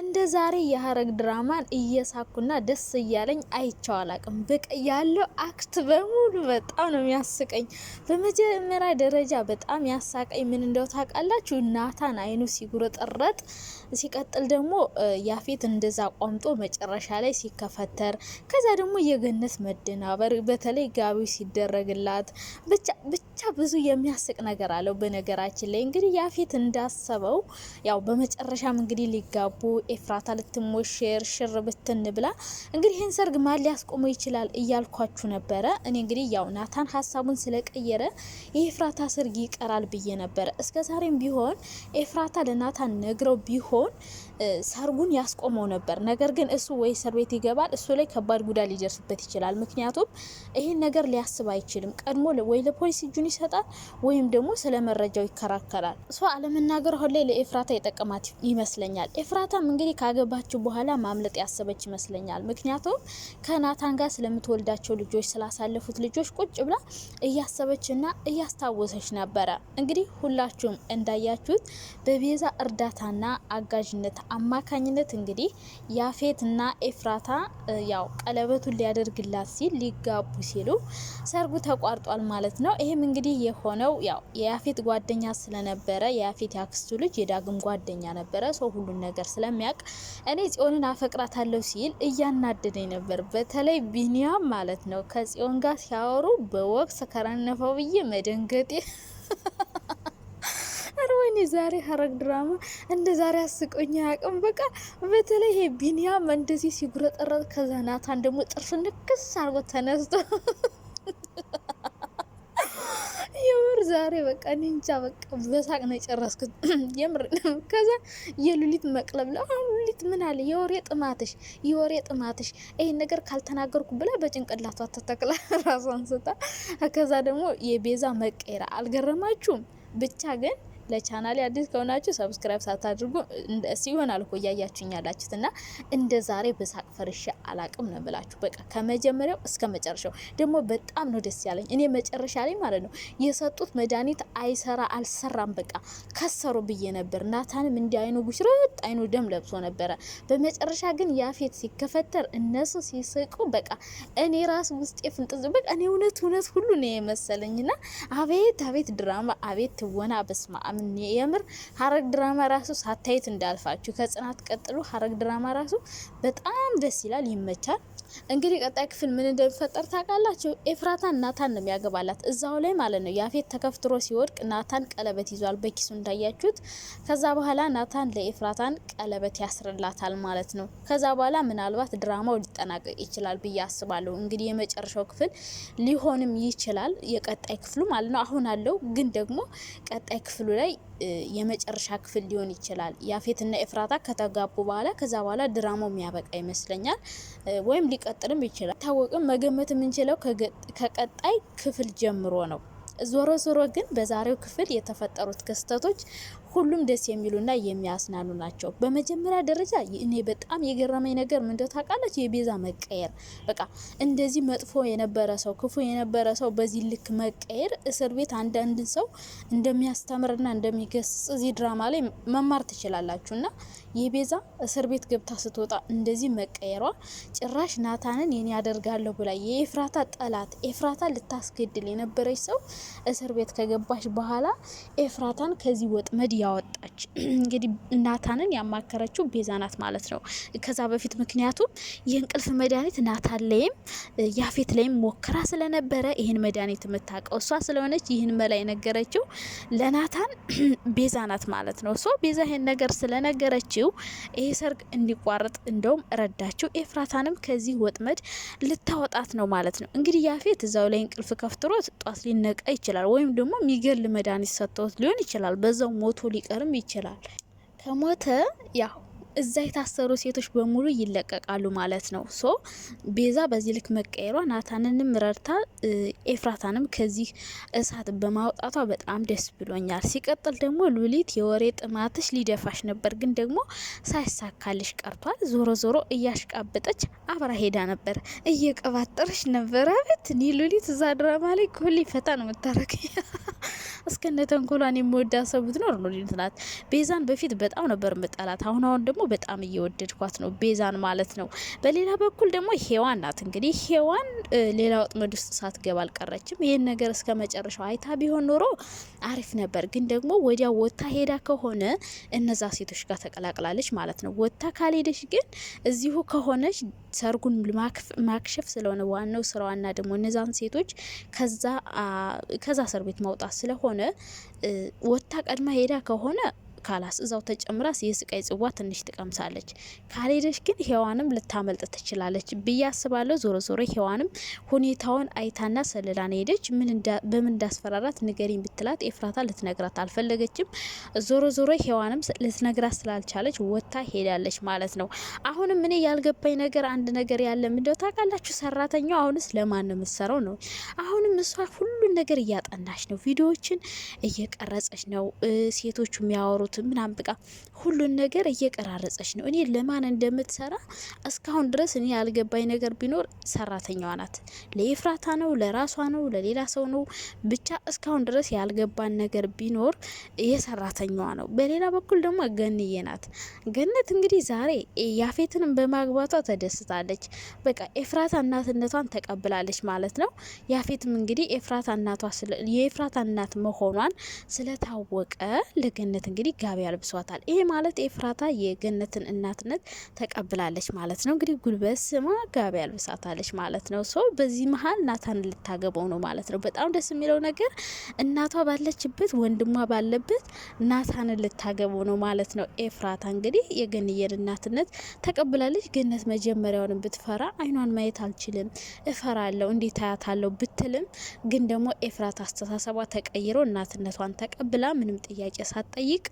እንደ ዛሬ የሀረግ ድራማን እየሳኩና ደስ እያለኝ አይቼው አላቅም። በቃ ያለው አክት በሙሉ በጣም ነው የሚያስቀኝ። በመጀመሪያ ደረጃ በጣም ያሳቀኝ ምን እንደው ታውቃላችሁ? ናታን አይኑ ሲጉረጠረጥ፣ ሲቀጥል ደግሞ ያፌት እንደዛ ቋምጦ መጨረሻ ላይ ሲከፈተር፣ ከዛ ደግሞ የገነት መደናበር፣ በተለይ ጋቢው ሲደረግላት፣ ብቻ ብቻ ብዙ የሚያስቅ ነገር አለው። በነገራችን ላይ እንግዲህ ያፌት እንዳሰበው ያው በመጨረሻም እንግዲህ ሊጋቡ ኤፍራታ ልትሞሸር ሽር ብትን ብላ እንግዲህ ይህን ሰርግ ማን ሊያስቆመው ይችላል እያልኳችሁ ነበረ። እኔ እንግዲህ ያው ናታን ሀሳቡን ስለቀየረ የኤፍራታ ሰርግ ይቀራል ብዬ ነበረ። እስከ ዛሬም ቢሆን ኤፍራታ ለናታን ነግረው ቢሆን ሰርጉን ያስቆመው ነበር። ነገር ግን እሱ ወይ እስር ቤት ይገባል፣ እሱ ላይ ከባድ ጉዳ ሊደርስበት ይችላል። ምክንያቱም ይህን ነገር ሊያስብ አይችልም። ቀድሞ ወይ ለፖሊስ እጁን ይሰጣል ወይም ደግሞ ስለ መረጃው ይከራከራል። እሷ አለመናገር አሁን ላይ ለኤፍራታ የጠቀማት ይመስለኛል። ኤፍራታም እንግዲህ ካገባችው በኋላ ማምለጥ ያሰበች ይመስለኛል። ምክንያቱም ከናታን ጋር ስለምትወልዳቸው ልጆች፣ ስላሳለፉት ልጆች ቁጭ ብላ እያሰበችና እያስታወሰች ነበረ። እንግዲህ ሁላችሁም እንዳያችሁት በቤዛ እርዳታና አጋዥነት አማካኝነት እንግዲህ ያፌትና ኤፍራታ ያው ቀለበቱን ሊያደርግላት ሲል ሊጋቡ ሲሉ ሰርጉ ተቋርጧል ማለት ነው። ይህም እንግዲህ የሆነው ያው የያፌት ጓደኛ ስለነበረ የያፌት ያክስቱ ልጅ የዳግም ጓደኛ ነበረ። ሰው ሁሉን ነገር ስለሚያውቅ እኔ ጽዮንን አፈቅራታለሁ ሲል እያናደደኝ ነበር። በተለይ ቢኒያም ማለት ነው ከጽዮን ጋር ሲያወሩ በወቅት ከረነፈው ብዬ መደንገጤ ግን የዛሬ ሀረግ ድራማ እንደ ዛሬ አስቆኝ አያውቅም። በቃ በተለይ ይሄ ቢኒያም እንደዚህ ሲጉረጠረጥ ከዛ ናታን ደግሞ ጥርፍ ንክስ አርጎ ተነስቶ የምር ዛሬ በቃ እንጃ በቃ በሳቅ ነው የጨረስኩት። የምር ከዛ የሉሊት መቅለብ ለአሁን ሉሊት ምን አለ የወሬ ጥማትሽ የወሬ ጥማትሽ ይህን ነገር ካልተናገርኩ ብላ በጭንቅላቷ ተተክላ ራሷን ስታ ከዛ ደግሞ የቤዛ መቀየራ አልገረማችሁም? ብቻ ግን ለቻናል አዲስ ከሆናችሁ ሰብስክራይብ ሳታድርጉ ሲሆን አልኮ እያያችሁኝ ያላችሁት እና እንደ ዛሬ በሳቅ ፈርሼ አላቅም ነው ብላችሁ በቃ ከመጀመሪያው እስከ መጨረሻው ደግሞ በጣም ነው ደስ ያለኝ። እኔ መጨረሻ ላይ ማለት ነው የሰጡት መድኃኒት አይሰራ አልሰራም በቃ ከሰሩ ብዬ ነበር። ናታንም እንዲ አይኑ ጉሽረጥ አይኑ ደም ለብሶ ነበረ። በመጨረሻ ግን ያፌት ሲከፈተር እነሱ ሲስቁ በቃ እኔ ራስ ውስጤ ፍንጥዝ በቃ እኔ እውነት እውነት ሁሉ ነው የመሰለኝ። ና አቤት አቤት ድራማ አቤት ትወና በስማ በጣም የምር ሀረግ ድራማ ራሱ ሳታይት እንዳልፋችሁ። ከጽናት ቀጥሎ ሀረግ ድራማ ራሱ በጣም ደስ ይላል፣ ይመቻል። እንግዲህ ቀጣይ ክፍል ምን እንደሚፈጠር ታውቃላችሁ። ኤፍራታን ናታን ነው የሚያገባላት እዛው ላይ ማለት ነው። ያፌት ተከፍትሮ ሲወድቅ ናታን ቀለበት ይዟል በኪሱ እንዳያችሁት። ከዛ በኋላ ናታን ለኤፍራታን ቀለበት ያስርላታል ማለት ነው። ከዛ በኋላ ምናልባት ድራማው ሊጠናቀቅ ይችላል ብዬ አስባለሁ። እንግዲህ የመጨረሻው ክፍል ሊሆንም ይችላል የቀጣይ ክፍሉ ማለት ነው። አሁን አለው ግን ደግሞ ቀጣይ ክፍሉ ላይ የመጨረሻ ክፍል ሊሆን ይችላል። ያፌትና ኤፍራታ ከተጋቡ በኋላ ከዛ በኋላ ድራማው የሚያበቃ ይመስለኛል። ወይም ሊቀጥልም ይችላል ታወቅም። መገመት የምንችለው ከቀጣይ ክፍል ጀምሮ ነው። ዞሮ ዞሮ ግን በዛሬው ክፍል የተፈጠሩት ክስተቶች ሁሉም ደስ የሚሉና የሚያስናኑ ናቸው። በመጀመሪያ ደረጃ እኔ በጣም የገረመኝ ነገር ምንደ ታውቃለች የቤዛ መቀየር። በቃ እንደዚህ መጥፎ የነበረ ሰው ክፉ የነበረ ሰው በዚህ ልክ መቀየር እስር ቤት አንዳንድ ሰው እንደሚያስተምርና እንደሚገስጽ እዚህ ድራማ ላይ መማር ትችላላችሁ። እና የቤዛ እስር ቤት ገብታ ስትወጣ እንደዚህ መቀየሯ ጭራሽ ናታንን የኔ ያደርጋለሁ ብላ የኤፍራታ ጠላት ኤፍራታ ልታስገድል የነበረች ሰው እስር ቤት ከገባች በኋላ ኤፍራታን ከዚህ ወጥመድ እያወጣች እንግዲህ እናታንን ያማከረችው ቤዛ ናት ማለት ነው። ከዛ በፊት ምክንያቱም የእንቅልፍ መድኃኒት ናታን ላይም ያፌት ላይም ሞክራ ስለነበረ ይህን መድኃኒት የምታውቀው እሷ ስለሆነች ይህን መላ የነገረችው ለናታን ቤዛ ናት ማለት ነው። ሶ ቤዛ ይህን ነገር ስለነገረችው ይሄ ሰርግ እንዲቋረጥ እንደውም ረዳችው። ኤፍራታንም ከዚህ ወጥመድ ልታወጣት ነው ማለት ነው። እንግዲህ ያፌት እዛው ላይ እንቅልፍ ከፍትሮት ጧት ሊነቃ ይችላል፣ ወይም ደግሞ የሚገል መድኃኒት ሰጥተውት ሊሆን ይችላል በዛው ሞቶ ሊቀርም ይችላል። ከሞተ ያው እዛ የታሰሩ ሴቶች በሙሉ ይለቀቃሉ ማለት ነው። ሶ ቤዛ በዚህ ልክ መቀየሯ ናታንንም ረድታ ኤፍራታንም ከዚህ እሳት በማውጣቷ በጣም ደስ ብሎኛል። ሲቀጥል ደግሞ ሉሊት የወሬ ጥማትሽ ሊደፋሽ ነበር፣ ግን ደግሞ ሳይሳካልሽ ቀርቷል። ዞሮ ዞሮ እያሽቃበጠች አብራ ሄዳ ነበር፣ እየቀባጠረች ነበረ። በት እኔ ሉሊት እዛ ድራማ ላይ ኮሌ ፈታ ነው የምታረገ እስከነ ተንኮሏን የምወዳ ሰው ብትኖር ሉሊት ናት። ቤዛን በፊት በጣም ነበር ምጠላት፣ አሁን አሁን ደግሞ በጣም እየወደድኳት ነው ቤዛን ማለት ነው። በሌላ በኩል ደግሞ ሄዋን ናት። እንግዲህ ሄዋን ሌላ ወጥመድ ውስጥ ሳትገባ አልቀረችም። ይህን ነገር እስከ መጨረሻው አይታ ቢሆን ኖሮ አሪፍ ነበር፣ ግን ደግሞ ወዲያ ወታ ሄዳ ከሆነ እነዛ ሴቶች ጋር ተቀላቅላለች ማለት ነው። ወታ ካልሄደች ግን እዚሁ ከሆነች ሰርጉን ማክሸፍ ስለሆነ ዋናው ስራዋና ደግሞ እነዛን ሴቶች ከዛ ከዛ እስር ቤት ማውጣት ስለሆነ ከሆነ ወታ ቀድማ ሄዳ ከሆነ ካላስ እዛው ተጨምራስ የስቃይ ጽዋ ትንሽ ትቀምሳለች። ካልሄደች ግን ሔዋንም ልታመልጥ ትችላለች ብዬ አስባለሁ። ዞሮ ዞሮ ሔዋንም ሁኔታውን አይታና ሰልላን ሄደች። በምን እንዳስፈራራት ንገሪኝ ብትላት ኤፍራታ ልትነግራት አልፈለገችም። ዞሮ ዞሮ ሔዋንም ልትነግራት ስላልቻለች ወታ ሄዳለች ማለት ነው። አሁንም እኔ ያልገባኝ ነገር አንድ ነገር ያለ ምንድነው ታውቃላችሁ? ሰራተኛው አሁንስ ለማን ነው የምትሰራው ነው። አሁንም እሷ ሁሉን ነገር እያጠናች ነው፣ ቪዲዮዎችን እየቀረጸች ነው፣ ሴቶቹ የሚያወሩት አልተውትም ምናምን በቃ ሁሉን ነገር እየቀራረጸች ነው። እኔ ለማን እንደምትሰራ እስካሁን ድረስ እኔ ያልገባኝ ነገር ቢኖር ሰራተኛዋ ናት። ለይፍራታ ነው፣ ለራሷ ነው፣ ለሌላ ሰው ነው። ብቻ እስካሁን ድረስ ያልገባን ነገር ቢኖር የሰራተኛዋ ነው። በሌላ በኩል ደግሞ ገንዬ ናት። ገነት እንግዲህ ዛሬ ያፌትንም በማግባቷ ተደስታለች። በቃ ኤፍራታ እናትነቷን ተቀብላለች ማለት ነው። ያፌትም እንግዲህ የኤፍራታ እናት መሆኗን ስለታወቀ ለገነት እንግዲህ ጋቢ አልብሷታል። ይሄ ማለት ኤፍራታ የገነትን እናትነት ተቀብላለች ማለት ነው። እንግዲህ ጉልበት ስማ ጋቢ አልብሳታለች ማለት ነው። ሰው በዚህ መሀል ናታን ልታገበው ነው ማለት ነው። በጣም ደስ የሚለው ነገር እናቷ ባለችበት ወንድሟ ባለበት ናታንን ልታገበው ነው ማለት ነው። ኤፍራታ እንግዲህ የገንየን እናትነት ተቀብላለች። ገነት መጀመሪያውንም ብትፈራ አይኗን ማየት አልችልም እፈራለሁ እንዴት አያታለሁ ብትልም ግን ደግሞ ኤፍራታ አስተሳሰቧ ተቀይሮ እናትነቷን ተቀብላ ምንም ጥያቄ ሳትጠይቅ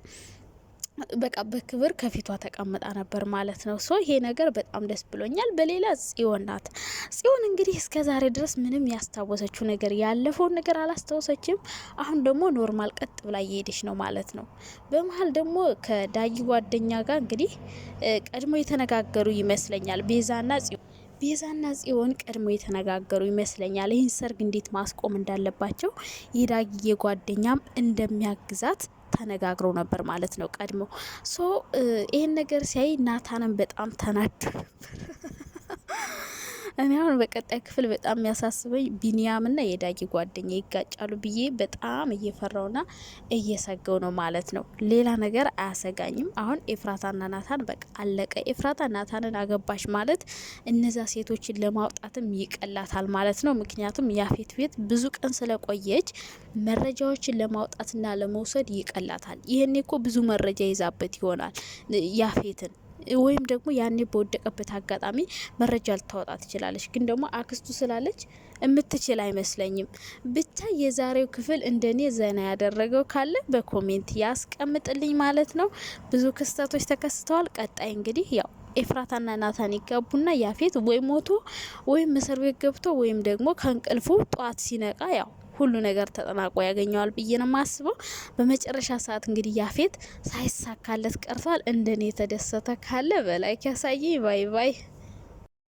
በቃ በክብር ከፊቷ ተቀምጣ ነበር ማለት ነው። ሶ ይሄ ነገር በጣም ደስ ብሎኛል። በሌላ ጽዮን ናት። ጽዮን እንግዲህ እስከ ዛሬ ድረስ ምንም ያስታወሰችው ነገር ያለፈውን ነገር አላስታወሰችም። አሁን ደግሞ ኖርማል ቀጥ ብላ እየሄደች ነው ማለት ነው። በመሀል ደግሞ ከዳጊ ጓደኛ ጋር እንግዲህ ቀድሞ የተነጋገሩ ይመስለኛል ቤዛና ጽዮን ቤዛና ጽዮን ቀድሞ የተነጋገሩ ይመስለኛል። ይህን ሰርግ እንዴት ማስቆም እንዳለባቸው የዳጊዬ ጓደኛም እንደሚያግዛት ተነጋግረው ነበር ማለት ነው ቀድሞ ሶ ይህን ነገር ሲያይ ናታንም በጣም ተናዱ ነበር። እኔ አሁን በቀጣይ ክፍል በጣም የሚያሳስበኝ ቢኒያምና የዳጊ ጓደኛ ይጋጫሉ ብዬ በጣም እየፈራውና እየሰገው ነው ማለት ነው። ሌላ ነገር አያሰጋኝም። አሁን ኤፍራታና ናታን በቃ አለቀ። ኤፍራታ ናታንን አገባሽ ማለት እነዛ ሴቶችን ለማውጣትም ይቀላታል ማለት ነው። ምክንያቱም ያፌት ቤት ብዙ ቀን ስለቆየች መረጃዎችን ለማውጣትና ለመውሰድ ይቀላታል። ይህኔ እኮ ብዙ መረጃ ይዛበት ይሆናል ያፌትን ወይም ደግሞ ያኔ በወደቀበት አጋጣሚ መረጃ ልታወጣ ትችላለች። ግን ደግሞ አክስቱ ስላለች የምትችል አይመስለኝም። ብቻ የዛሬው ክፍል እንደኔ ዘና ያደረገው ካለ በኮሜንት ያስቀምጥልኝ ማለት ነው። ብዙ ክስተቶች ተከስተዋል። ቀጣይ እንግዲህ ያው ኤፍራታና ናታን ይጋቡና ያፌት ወይ ሞቶ ወይም እስር ቤት ገብቶ ወይም ደግሞ ከእንቅልፉ ጠዋት ሲነቃ ያው ሁሉ ነገር ተጠናቆ ያገኘዋል ብዬ ነው ማስበው። በመጨረሻ ሰዓት እንግዲህ ያፌት ሳይሳካለት ቀርቷል። እንደኔ የተደሰተ ካለ በላይ ያሳየኝ። ባይ ባይ